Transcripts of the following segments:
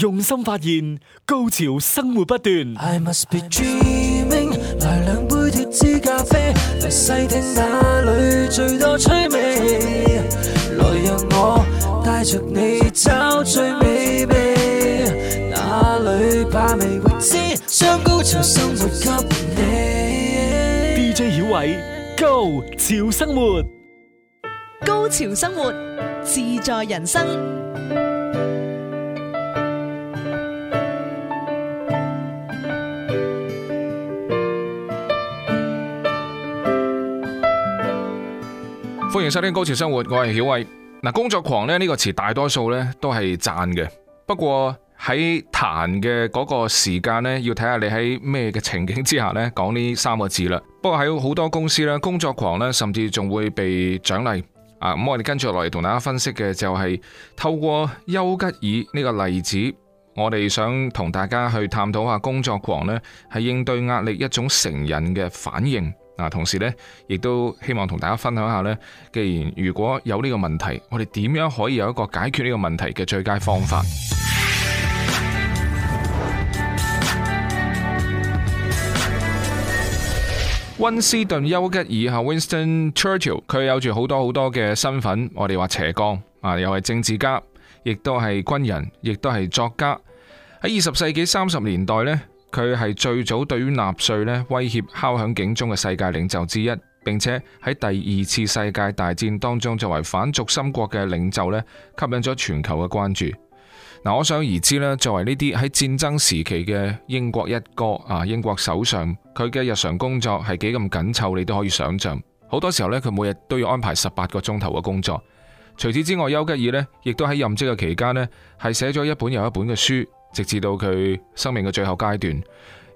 用心發現 Go 潮生活不斷。I must be dreaming，來兩杯脫脂咖啡，來細聽哪裏最多趣味。來讓我帶着你找最美味，哪裏怕味未會知，將 Go 潮生活給你。DJ 曉偉，Go 潮生活，Go 潮生活自在人生。歡迎收聽《Go 潮生活》，我係小偉。嗱，工作狂咧呢個詞，大多數咧都係讚嘅。不過喺談嘅嗰個時間咧，要睇下，你喺咩嘅情景之下咧講呢三個字啦。不過喺好多公司咧，工作狂咧甚至仲會被獎勵啊。咁、嗯、我哋跟住落嚟同大家分析嘅就係、是、透過丘吉爾呢個例子，我哋想同大家去探討下工作狂咧係應對壓力一種成癮嘅反應。嗱，同時呢，亦都希望同大家分享下呢。既然如果有呢個問題，我哋點樣可以有一個解決呢個問題嘅最佳方法？溫斯頓丘吉爾，哈，溫斯頓 Churchill，佢有住好多好多嘅身份。我哋話斜槓啊，又係政治家，亦都係軍人，亦都係作家。喺二十世紀三十年代呢。佢係最早對於納粹咧威脅敲響警鐘嘅世界領袖之一，並且喺第二次世界大戰當中作為反軸心國嘅領袖咧，吸引咗全球嘅關注。嗱、啊，可想而知咧，作為呢啲喺戰爭時期嘅英國一哥啊，英國首相，佢嘅日常工作係幾咁緊湊，你都可以想象。好多時候咧，佢每日都要安排十八個鐘頭嘅工作。除此之外，丘吉爾咧亦都喺任職嘅期間咧，係寫咗一本又一本嘅書。直至到佢生命嘅最後階段，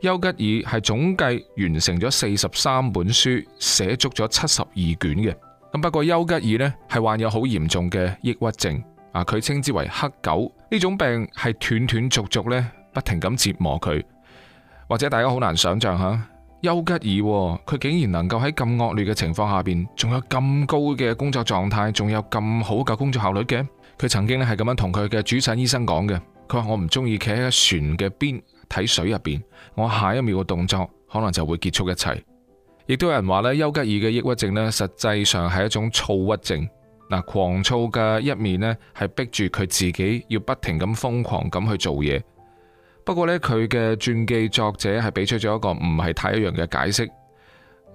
丘吉爾係總計完成咗四十三本書，寫足咗七十二卷嘅。咁不過丘吉爾呢係患有好嚴重嘅抑鬱症，啊，佢稱之為黑狗呢種病係斷斷續續呢不停咁折磨佢。或者大家好難想象吓，丘吉爾佢竟然能夠喺咁惡劣嘅情況下邊，仲有咁高嘅工作狀態，仲有咁好嘅工作效率嘅。佢曾經呢係咁樣同佢嘅主診醫生講嘅。佢話我唔中意企喺船嘅邊睇水入邊，我下一秒嘅動作可能就會結束一切。亦都有人話呢，丘吉爾嘅抑鬱症呢，實際上係一種躁鬱症。嗱，狂躁嘅一面呢，係逼住佢自己要不停咁瘋狂咁去做嘢。不過呢，佢嘅傳記作者係俾出咗一個唔係太一樣嘅解釋。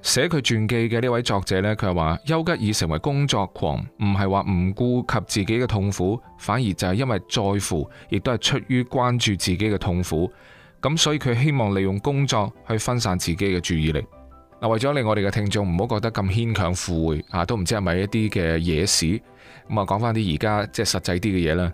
寫佢傳記嘅呢位作者呢，佢係話丘吉爾成為工作狂，唔係話唔顧及自己嘅痛苦，反而就係因為在乎，亦都係出於關注自己嘅痛苦。咁所以佢希望利用工作去分散自己嘅注意力。嗱，啊，為咗令我哋嘅聽眾唔好覺得咁牽強附會，啊，都唔知係咪一啲嘅野史。咁啊，講翻啲而家即係實際啲嘅嘢啦。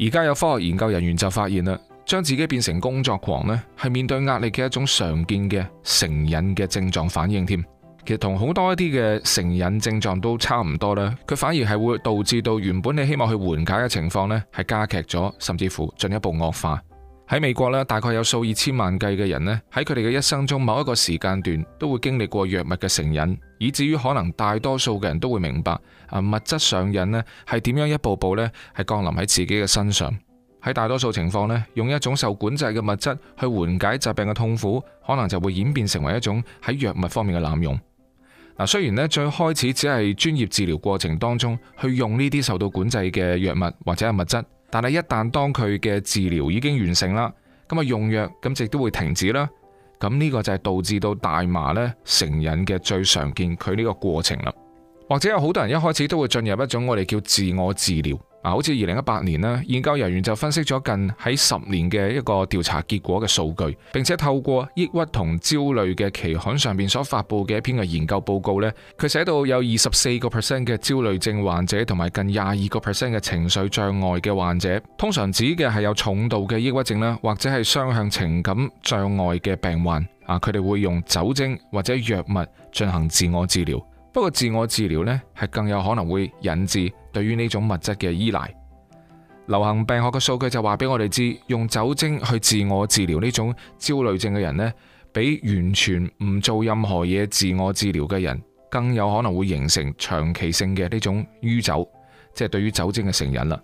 而家有科學研究人員就發現啦。將自己變成工作狂呢，係面對壓力嘅一種常見嘅成癮嘅症狀反應添。其實同好多一啲嘅成癮症狀都差唔多啦。佢反而係會導致到原本你希望去緩解嘅情況呢係加劇咗，甚至乎進一步惡化。喺美國呢，大概有數以千萬計嘅人呢，喺佢哋嘅一生中某一個時間段都會經歷過藥物嘅成癮，以至於可能大多數嘅人都會明白啊，物質上癮呢係點樣一步步呢係降臨喺自己嘅身上。喺大多數情況呢，用一種受管制嘅物質去緩解疾病嘅痛苦，可能就會演變成為一種喺藥物方面嘅濫用。嗱，雖然呢，最開始只係專業治療過程當中去用呢啲受到管制嘅藥物或者係物質，但係一旦當佢嘅治療已經完成啦，咁啊用藥咁直都會停止啦。咁、這、呢個就係導致到大麻咧成癮嘅最常見佢呢個過程啦。或者有好多人一開始都會進入一種我哋叫自我治療。嗱，好似二零一八年呢，研究人員就分析咗近喺十年嘅一個調查結果嘅數據，並且透過抑鬱同焦慮嘅期刊上面所發布嘅一篇嘅研究報告呢，佢寫到有二十四個 percent 嘅焦慮症患者同埋近廿二個 percent 嘅情緒障礙嘅患者，通常指嘅係有重度嘅抑鬱症啦，或者係雙向情感障礙嘅病患，啊，佢哋會用酒精或者藥物進行自我治療。不過自我治療呢，係更有可能會引致對於呢種物質嘅依賴。流行病學嘅數據就話俾我哋知，用酒精去自我治療呢種焦慮症嘅人呢，比完全唔做任何嘢自我治療嘅人，更有可能會形成長期性嘅呢種酗酒，即係對於酒精嘅成癮啦。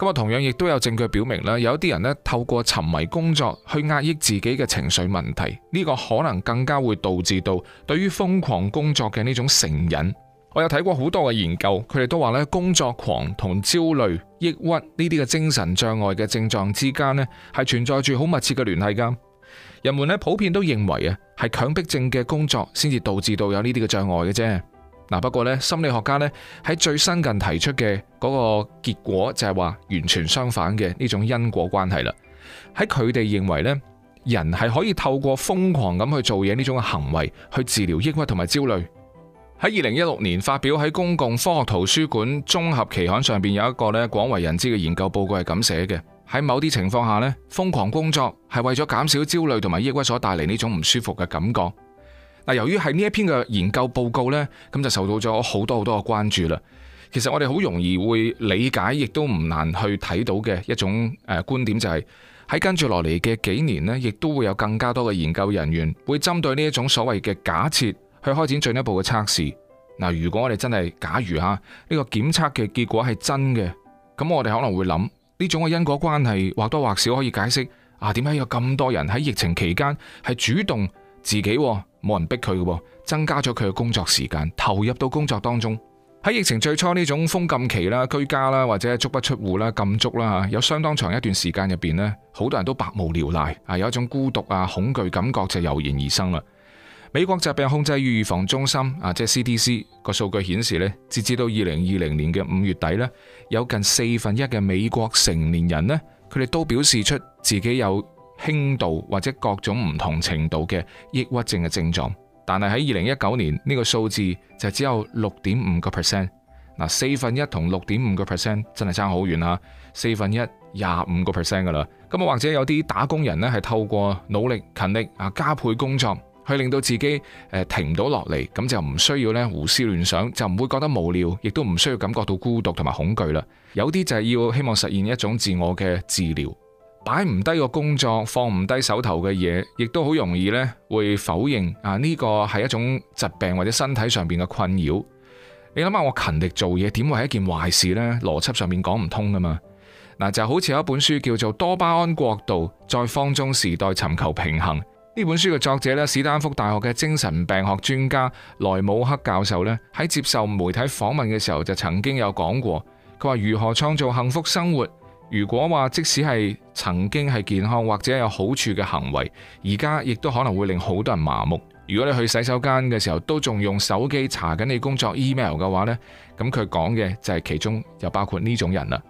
咁啊，同樣亦都有證據表明咧，有啲人呢，透過沉迷工作去壓抑自己嘅情緒問題，呢個可能更加會導致到對於瘋狂工作嘅呢種成癮。我有睇過好多嘅研究，佢哋都話咧，工作狂同焦慮、抑鬱呢啲嘅精神障礙嘅症狀之間呢，係存在住好密切嘅聯繫㗎。人們呢，普遍都認為啊，係強迫症嘅工作先至導致到有呢啲嘅障礙嘅啫。嗱，不過咧，心理學家咧喺最新近提出嘅嗰個結果就係話完全相反嘅呢種因果關係啦。喺佢哋認為咧，人係可以透過瘋狂咁去做嘢呢種嘅行為去治療抑鬱同埋焦慮。喺二零一六年發表喺公共科學圖書館綜合期刊上邊有一個咧，廣為人知嘅研究報告係咁寫嘅：喺某啲情況下呢，瘋狂工作係為咗減少焦慮同埋抑鬱所帶嚟呢種唔舒服嘅感覺。嗱，由於係呢一篇嘅研究報告呢，咁就受到咗好多好多嘅關注啦。其實我哋好容易會理解，亦都唔難去睇到嘅一種誒觀點，就是，就係喺跟住落嚟嘅幾年呢，亦都會有更加多嘅研究人員會針對呢一種所謂嘅假設去開展進一步嘅測試。嗱，如果我哋真係假如嚇呢、呢個檢測嘅結果係真嘅，咁我哋可能會諗呢種嘅因果關係或多或少可以解釋啊點解有咁多人喺疫情期間係主動自己。冇人逼佢嘅噃，增加咗佢嘅工作時間，投入到工作當中。喺疫情最初呢種封禁期啦、居家啦或者足不出戶啦、禁足啦，有相當長一段時間入邊呢，好多人都百無聊賴，啊有一種孤獨啊、恐懼感覺就油然而生啦。美國疾病控制與預防中心啊，即係 CDC 個數據顯示呢，截至到二零二零年嘅五月底呢，有近四分一嘅美國成年人呢，佢哋都表示出自己有。輕度或者各種唔同程度嘅抑鬱症嘅症狀，但係喺二零一九年呢個數字就只有六點五個 percent，嗱四分一同六點五個 percent 真係差好遠啦，四分一廿五個 percent 噶啦，咁啊或者有啲打工人呢係透過努力勤力啊加倍工作，去令到自己誒停唔到落嚟，咁就唔需要咧胡思亂想，就唔會覺得無聊，亦都唔需要感覺到孤獨同埋恐懼啦，有啲就係要希望實現一種自我嘅治療。擺唔低個工作，放唔低手頭嘅嘢，亦都好容易咧會否認啊呢個係一種疾病或者身體上邊嘅困擾。你諗下，我勤力做嘢點會係一件壞事呢？邏輯上面講唔通噶嘛？嗱就好似有一本書叫做《多巴胺國度：在放縱時代尋求平衡》呢本書嘅作者呢，史丹福大學嘅精神病學專家萊姆克教授呢，喺接受媒體訪問嘅時候就曾經有講過，佢話如何創造幸福生活。如果話即使係曾經係健康或者有好處嘅行為，而家亦都可能會令好多人麻木。如果你去洗手間嘅時候都仲用手機查緊你工作 email 嘅話呢，咁佢講嘅就係其中又包括呢種人啦。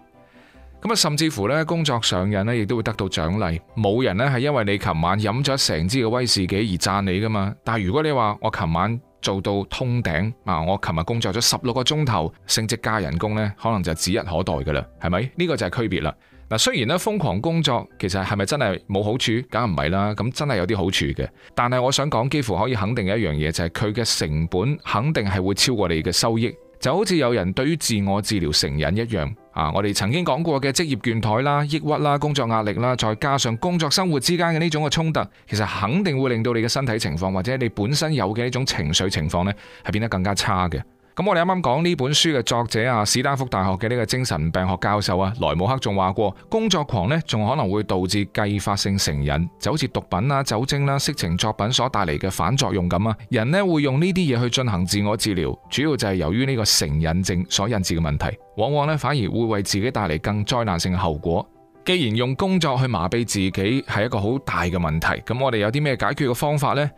咁啊，甚至乎呢，工作上人癮呢亦都會得到獎勵。冇人呢係因為你琴晚飲咗成支嘅威士忌而讚你噶嘛。但係如果你話我琴晚，做到通頂啊！我琴日工作咗十六個鐘頭，升職加人工呢，可能就指日可待噶啦，係咪？呢個就係區別啦。嗱，雖然咧，瘋狂工作其實係咪真係冇好處，梗係唔係啦？咁真係有啲好處嘅，但係我想講，幾乎可以肯定嘅一樣嘢就係佢嘅成本肯定係會超過你嘅收益，就好似有人對於自我治療成癮一樣。啊！我哋曾經講過嘅職業倦怠啦、抑鬱啦、工作壓力啦，再加上工作生活之間嘅呢種嘅衝突，其實肯定會令到你嘅身體情況，或者你本身有嘅呢種情緒情況呢，係變得更加差嘅。咁我哋啱啱講呢本書嘅作者啊，史丹福大學嘅呢個精神病學教授啊，萊姆克仲話過，工作狂呢，仲可能會導致繼發性成癮，就好似毒品啦、酒精啦、色情作品所帶嚟嘅反作用咁啊，人呢會用呢啲嘢去進行自我治療，主要就係由於呢個成癮症所引致嘅問題，往往呢反而會為自己帶嚟更災難性嘅後果。既然用工作去麻痹自己係一個好大嘅問題，咁我哋有啲咩解決嘅方法呢？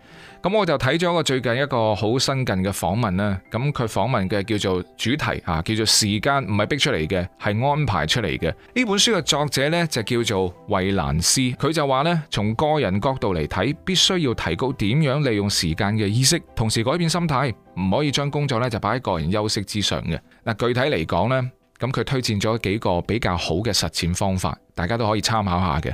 咁我就睇咗一個最近一個好新近嘅訪問啦。咁佢訪問嘅叫做主題啊，叫做時間唔係逼出嚟嘅，係安排出嚟嘅。呢本書嘅作者呢，就叫做衛蘭斯，佢就話呢，從個人角度嚟睇，必須要提高點樣利用時間嘅意識，同時改變心態，唔可以將工作咧就擺喺個人休息之上嘅。嗱，具體嚟講呢。咁佢推薦咗幾個比較好嘅實踐方法，大家都可以參考下嘅。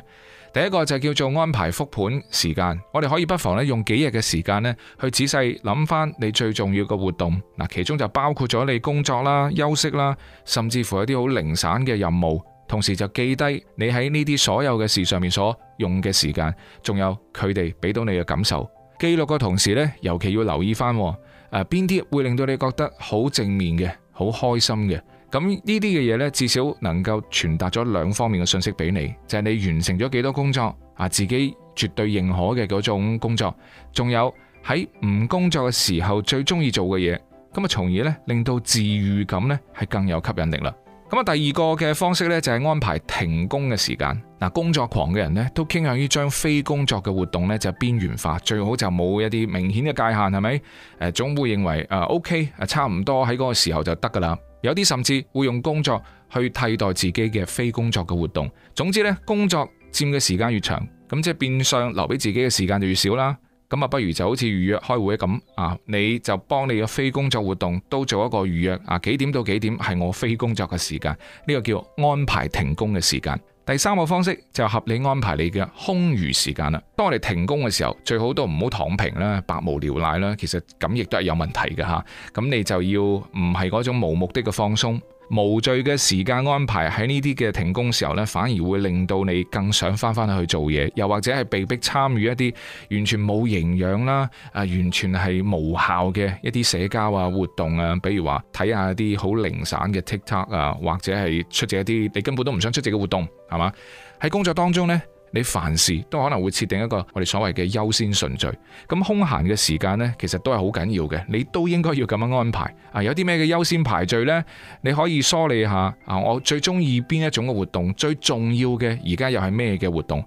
第一個就叫做安排復盤時間，我哋可以不妨咧用幾日嘅時間咧去仔細諗翻你最重要嘅活動嗱，其中就包括咗你工作啦、休息啦，甚至乎一啲好零散嘅任務。同時就記低你喺呢啲所有嘅事上面所用嘅時間，仲有佢哋俾到你嘅感受。記錄嘅同時呢，尤其要留意翻誒邊啲會令到你覺得好正面嘅、好開心嘅。咁呢啲嘅嘢呢，至少能夠傳達咗兩方面嘅信息俾你，就係你完成咗幾多工作啊，自己絕對認可嘅嗰種工作，仲有喺唔工作嘅時候最鍾意做嘅嘢。咁啊，從而呢，令到自愈感呢係更有吸引力啦。咁啊，第二個嘅方式呢，就係安排停工嘅時間。嗱，工作狂嘅人呢，都傾向於將非工作嘅活動呢就邊緣化，最好就冇一啲明顯嘅界限，係咪？誒總會認為、啊、OK，誒差唔多喺嗰個時候就得㗎啦。有啲甚至會用工作去替代自己嘅非工作嘅活動。總之呢，工作佔嘅時間越長，咁即係變相留俾自己嘅時間就越少啦。咁啊，不如就好似預約開會咁啊，你就幫你嘅非工作活動都做一個預約啊，幾點到幾點係我非工作嘅時間，呢個叫安排停工嘅時間。第三個方式就合理安排你嘅空餘時間啦。當我哋停工嘅時候，最好都唔好躺平啦、百無聊賴啦。其實咁亦都係有問題嘅吓。咁你就要唔係嗰種無目的嘅放鬆。無序嘅時間安排喺呢啲嘅停工時候呢，反而會令到你更想返返去去做嘢，又或者係被逼參與一啲完全冇營養啦，啊，完全係無效嘅一啲社交啊活動啊，比如話睇下啲好零散嘅 TikTok 啊，或者係出席一啲你根本都唔想出席嘅活動，係嘛？喺工作當中呢。你凡事都可能會設定一個我哋所謂嘅優先順序，咁空閒嘅時間呢，其實都係好緊要嘅，你都應該要咁樣安排。啊，有啲咩嘅優先排序呢？你可以梳理下啊，我最鍾意邊一種嘅活動，最重要嘅而家又係咩嘅活動？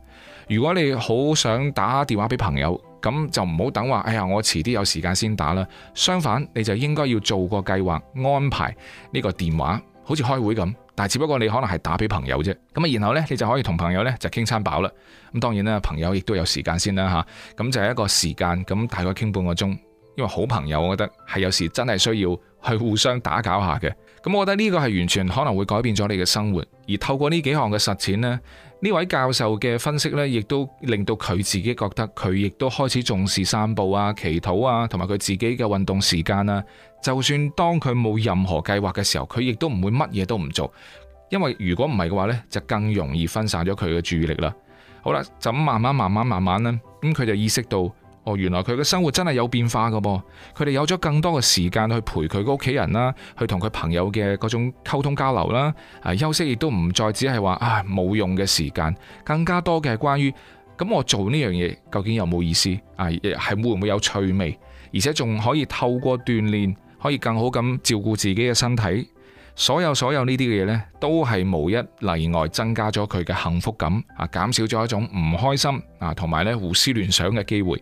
如果你好想打電話俾朋友，咁就唔好等話，哎呀，我遲啲有時間先打啦。相反，你就應該要做個計劃安排呢個電話，好似開會咁。但係只不過你可能係打俾朋友啫，咁啊然後呢，你就可以同朋友呢就傾餐飽啦。咁當然啦，朋友亦都有時間先啦吓，咁、啊、就係一個時間，咁大概傾半個鐘。因為好朋友我覺得係有時真係需要去互相打攪下嘅。咁、嗯、我覺得呢個係完全可能會改變咗你嘅生活。而透過呢幾項嘅實踐呢，呢位教授嘅分析呢，亦都令到佢自己覺得佢亦都開始重視散步啊、祈禱啊，同埋佢自己嘅運動時間啊。就算當佢冇任何計劃嘅時候，佢亦都唔會乜嘢都唔做，因為如果唔係嘅話呢，就更容易分散咗佢嘅注意力啦。好啦，就咁慢慢、慢慢、慢慢咧，咁佢就意識到，哦，原來佢嘅生活真係有變化噶噃，佢哋有咗更多嘅時間去陪佢個屋企人啦，去同佢朋友嘅嗰種溝通交流啦，啊，休息亦都唔再只係話啊冇用嘅時間，更加多嘅係關於咁我做呢樣嘢究竟有冇意思啊？係會唔會有趣味，而且仲可以透過鍛煉。可以更好咁照顧自己嘅身體，所有所有呢啲嘅嘢呢，都係無一例外增加咗佢嘅幸福感，啊，減少咗一種唔開心啊，同埋咧，胡思亂想嘅機會。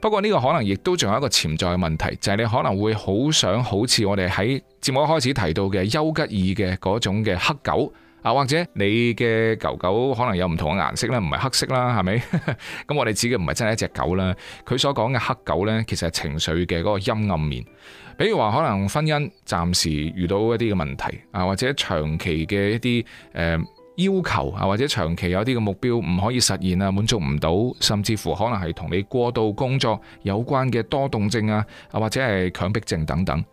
不過呢個可能亦都仲有一個潛在嘅問題，就係你可能會好想好似我哋喺節目一開始提到嘅丘吉爾嘅嗰種嘅黑狗。啊，或者你嘅狗狗可能有唔同嘅顏色咧，唔係黑色啦，係咪？咁、 嗯、我哋指嘅唔係真係一隻狗啦。佢所講嘅黑狗呢，其實係情緒嘅嗰個陰暗面，比如話可能婚姻暫時遇到一啲嘅問題啊，或者長期嘅一啲、呃、要求啊，或者長期有一啲嘅目標唔可以實現啊，滿足唔到，甚至乎可能係同你過度工作有關嘅多動症啊，或者係強迫症等等。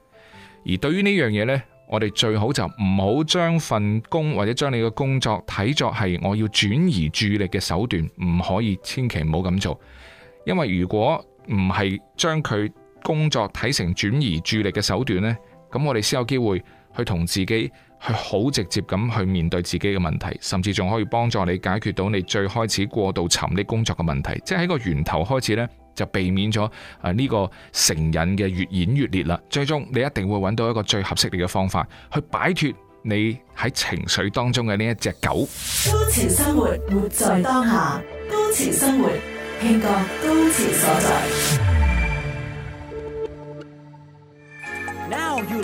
而對於呢樣嘢呢。我哋最好就唔好將份工或者將你嘅工作睇作係我要轉移注意力嘅手段，唔可以千祈唔好咁做。因為如果唔係將佢工作睇成轉移注意力嘅手段呢，咁我哋先有機會去同自己去好直接咁去面對自己嘅問題，甚至仲可以幫助你解決到你最開始過度沉溺工作嘅問題，即係喺個源頭開始呢。就避免咗啊呢個成癮嘅越演越烈啦，最終你一定會揾到一個最合適你嘅方法去擺脫你喺情緒當中嘅呢一隻狗。Go 潮生活，活在當下；Go 潮生活，慶個 Go 潮所在。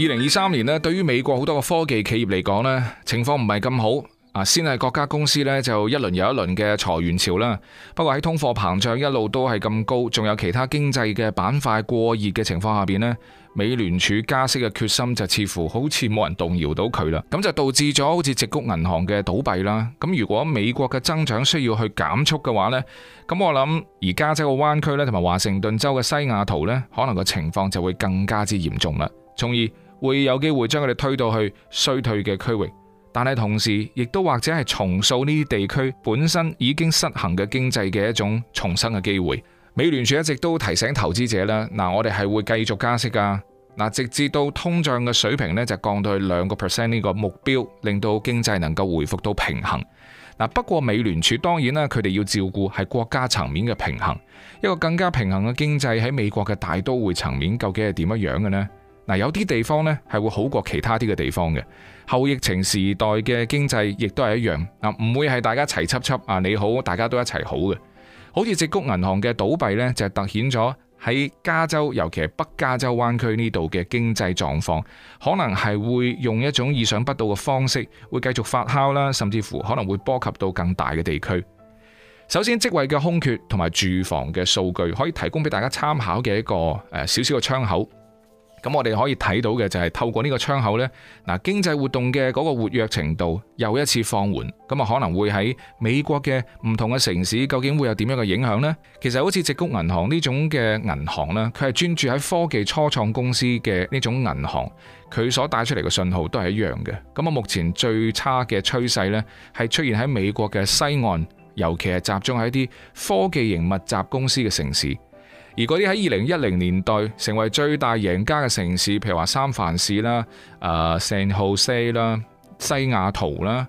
二零二三年呢，對於美國好多個科技企業嚟講呢，情況唔係咁好啊。先係各家公司呢，就一輪又一輪嘅裁員潮啦。不過喺通貨膨脹一路都係咁高，仲有其他經濟嘅板塊過熱嘅情況下邊呢，美聯儲加息嘅決心就似乎好似冇人動搖到佢啦。咁就導致咗好似矽谷銀行嘅倒閉啦。咁如果美國嘅增長需要去減速嘅話呢，咁我諗而家即係個灣區咧，同埋華盛頓州嘅西雅圖呢，可能個情況就會更加之嚴重啦。從而會有機會將佢哋推到去衰退嘅區域，但係同時亦都或者係重塑呢啲地區本身已經失衡嘅經濟嘅一種重生嘅機會。美聯儲一直都提醒投資者啦，嗱，我哋係會繼續加息噶，嗱，直至到通脹嘅水平呢，就降到去兩個 percent 呢個目標，令到經濟能夠回復到平衡。嗱，不過美聯儲當然啦，佢哋要照顧係國家層面嘅平衡，一個更加平衡嘅經濟喺美國嘅大都會層面究竟係點樣樣嘅呢？嗱，有啲地方咧係會好過其他啲嘅地方嘅。後疫情時代嘅經濟亦都係一樣，嗱唔會係大家齊輯輯啊！你好，大家都一齊好嘅。好似矽谷銀行嘅倒閉呢，就係突顯咗喺加州，尤其係北加州灣區呢度嘅經濟狀況，可能係會用一種意想不到嘅方式，會繼續發酵啦，甚至乎可能會波及到更大嘅地區。首先，職位嘅空缺同埋住房嘅數據，可以提供俾大家參考嘅一個誒少少嘅窗口。咁我哋可以睇到嘅就係透過呢個窗口呢，嗱，經濟活動嘅嗰個活躍程度又一次放緩，咁啊，可能會喺美國嘅唔同嘅城市，究竟會有點樣嘅影響呢？其實好似矽谷銀行呢種嘅銀行咧，佢係專注喺科技初創公司嘅呢種銀行，佢所帶出嚟嘅信號都係一樣嘅。咁啊，目前最差嘅趨勢呢，係出現喺美國嘅西岸，尤其係集中喺啲科技型密集公司嘅城市。而嗰啲喺二零一零年代成為最大贏家嘅城市，譬如話三藩市啦、誒聖荷西啦、西雅圖啦，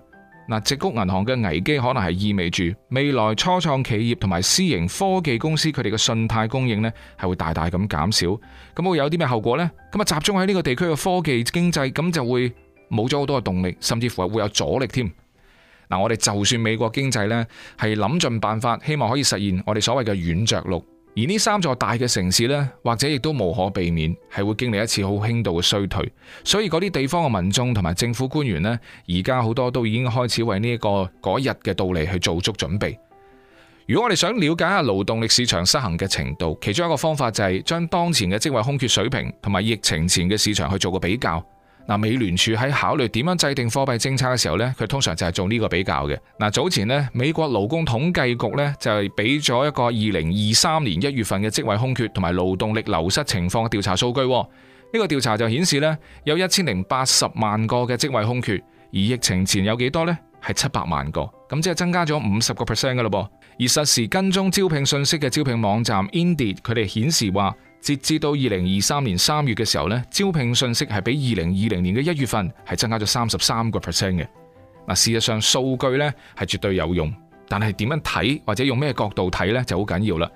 嗱，矽谷銀行嘅危機可能係意味住未來初創企業同埋私營科技公司佢哋嘅信貸供應呢係會大大咁減少。咁會有啲咩後果呢？咁啊，集中喺呢個地區嘅科技經濟，咁就會冇咗好多嘅動力，甚至乎係會有阻力添。嗱，我哋就算美國經濟呢係諗盡辦法，希望可以實現我哋所謂嘅軟着陸。而呢三座大嘅城市呢，或者亦都無可避免係會經歷一次好輕度嘅衰退，所以嗰啲地方嘅民眾同埋政府官員呢，而家好多都已經開始為呢一個嗰日嘅到嚟去做足準備。如果我哋想了解下勞動力市場失衡嘅程度，其中一個方法就係將當前嘅職位空缺水平同埋疫情前嘅市場去做個比較。嗱，美聯儲喺考慮點樣制定貨幣政策嘅時候咧，佢通常就係做呢個比較嘅。嗱，早前呢，美國勞工統計局咧就係俾咗一個二零二三年一月份嘅職位空缺同埋勞動力流失情況嘅調查數據。呢個調查就顯示咧，有一千零八十萬個嘅職位空缺，而疫情前有幾多咧？係七百萬個。咁即係增加咗五十個 percent 噶咯噃。而實時跟蹤招聘信息嘅招聘網站 Indeed 佢哋顯示話。截至到二零二三年三月嘅時候咧，招聘信息係比二零二零年嘅一月份係增加咗三十三個 percent 嘅。嗱，事實上數據咧係絕對有用，但係點樣睇或者用咩角度睇咧，就好緊要啦。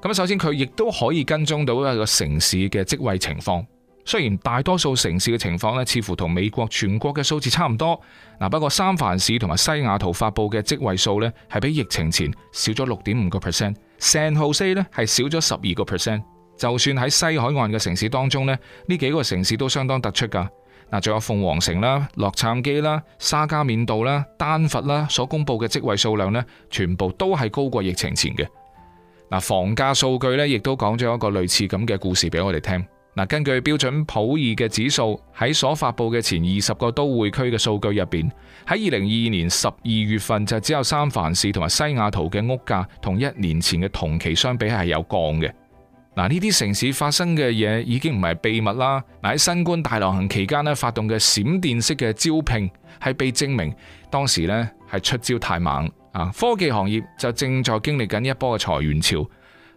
咁首先佢亦都可以跟蹤到一個城市嘅職位情況。雖然大多數城市嘅情況咧似乎同美國全國嘅數字差唔多。嗱，不過三藩市同埋西雅圖發布嘅職位數咧係比疫情前少咗六點五個 percent，聖荷西呢係少咗十二個 percent。就算喺西海岸嘅城市當中咧，呢幾個城市都相當突出噶。嗱，仲有鳳凰城啦、洛杉磯啦、沙加緬度啦、丹佛啦，所公布嘅職位數量呢，全部都係高過疫情前嘅。嗱，房價數據呢，亦都講咗一個類似咁嘅故事俾我哋聽。嗱，根據標準普爾嘅指數喺所發布嘅前二十個都會區嘅數據入邊，喺二零二二年十二月份就只有三藩市同埋西雅圖嘅屋價同一年前嘅同期相比係有降嘅。嗱，呢啲城市發生嘅嘢已經唔係秘密啦。嗱，喺新冠大流行期間咧，發動嘅閃電式嘅招聘係被證明當時呢係出招太猛。啊，科技行業就正在經歷緊一波嘅裁員潮。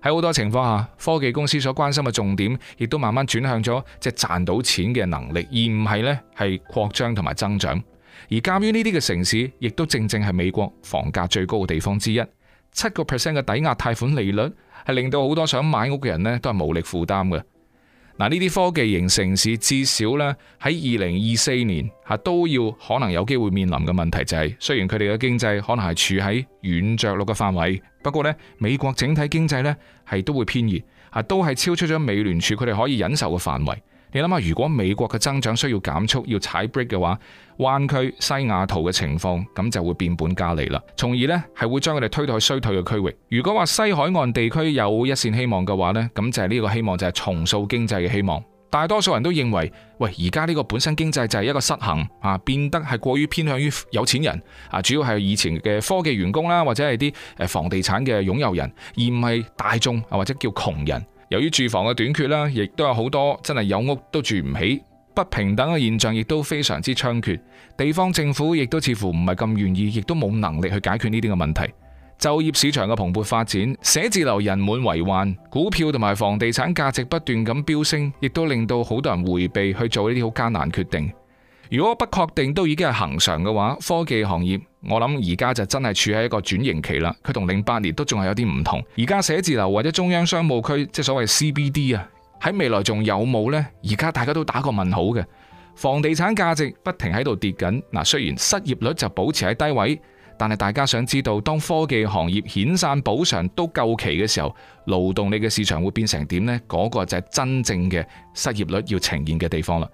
喺好多情況下，科技公司所關心嘅重點亦都慢慢轉向咗即係賺到錢嘅能力，而唔係呢係擴張同埋增長。而鑑於呢啲嘅城市亦都正正係美國房價最高嘅地方之一，七個 percent 嘅抵押貸款利率。係令到好多想買屋嘅人呢都係無力負擔嘅。嗱，呢啲科技型城市至少呢喺二零二四年啊，都要可能有機會面臨嘅問題就係，雖然佢哋嘅經濟可能係處喺軟着陸嘅範圍，不過呢美國整體經濟呢係都會偏移啊，都係超出咗美聯儲佢哋可以忍受嘅範圍。你諗下，如果美國嘅增長需要減速，要踩 brake 嘅話，灣區、西雅圖嘅情況咁就會變本加厲啦，從而呢係會將佢哋推到去衰退嘅區域。如果話西海岸地區有一線希望嘅話呢，咁就係呢個希望就係重塑經濟嘅希望。大多數人都認為，喂，而家呢個本身經濟就係一個失衡啊，變得係過於偏向於有錢人啊，主要係以前嘅科技員工啦，或者係啲誒房地產嘅擁有人，而唔係大眾或者叫窮人。由於住房嘅短缺啦，亦都有好多真係有屋都住唔起，不平等嘅現象亦都非常之猖獗。地方政府亦都似乎唔係咁願意，亦都冇能力去解決呢啲嘅問題。 就業市場嘅蓬勃發展，寫字樓人滿為患，股票同埋房地產價值不斷咁飆升，亦都令到好多人回避去做呢啲好艱難決定。如果不確定都已經係恆常嘅話，科技行業。我諗而家就真係處喺一個轉型期啦，佢同零八年都仲係有啲唔同。而家寫字樓或者中央商務區，即係所謂 CBD 啊，喺未來仲有冇呢？而家大家都打個問號嘅。房地產價值不停喺度跌緊，嗱，雖然失業率就保持喺低位，但係大家想知道，當科技行業遣散補償都夠期嘅時候，勞動力嘅市場會變成點呢？嗰個就係真正嘅失業率要呈現嘅地方啦。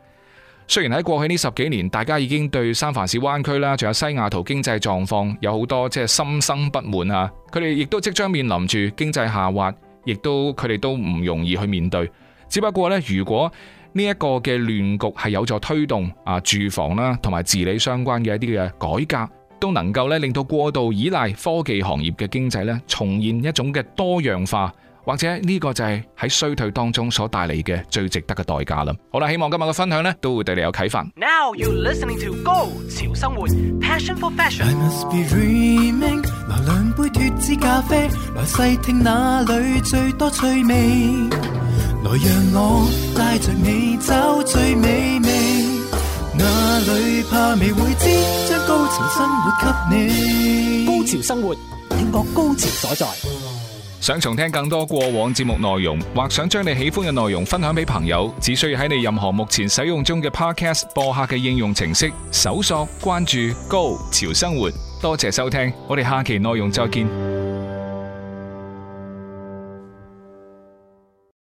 雖然喺過去呢十幾年，大家已經對三藩市灣區啦，仲有西雅圖經濟狀況有好多即係心生不滿啊！佢哋亦都即將面臨住經濟下滑，亦都佢哋都唔容易去面對。只不過呢，如果呢一個嘅亂局係有助推動啊，住房啦同埋治理相關嘅一啲嘅改革，都能夠呢令到過度依賴科技行業嘅經濟呢，重現一種嘅多樣化。或者呢個就係喺衰退當中所帶嚟嘅最值得嘅代價啦。好啦，希望今日嘅分享咧都會對你有啟發。Now you listening to Go 潮生活，passion for fashion。I must be dreaming。來兩杯脫脂咖啡，來細聽哪裏最多趣味。來讓我帶着你找最美味，哪裏怕未會知，將 Go 潮生活給你。Go 潮生活，聽我高潮所在。想重聽更多過往節目內容，或想將你喜歡嘅內容分享俾朋友，只需要喺你任何目前使用中嘅 Podcast 播客嘅應用程式搜索、關注《Go 潮生活》。多謝收聽，我哋下期內容再見。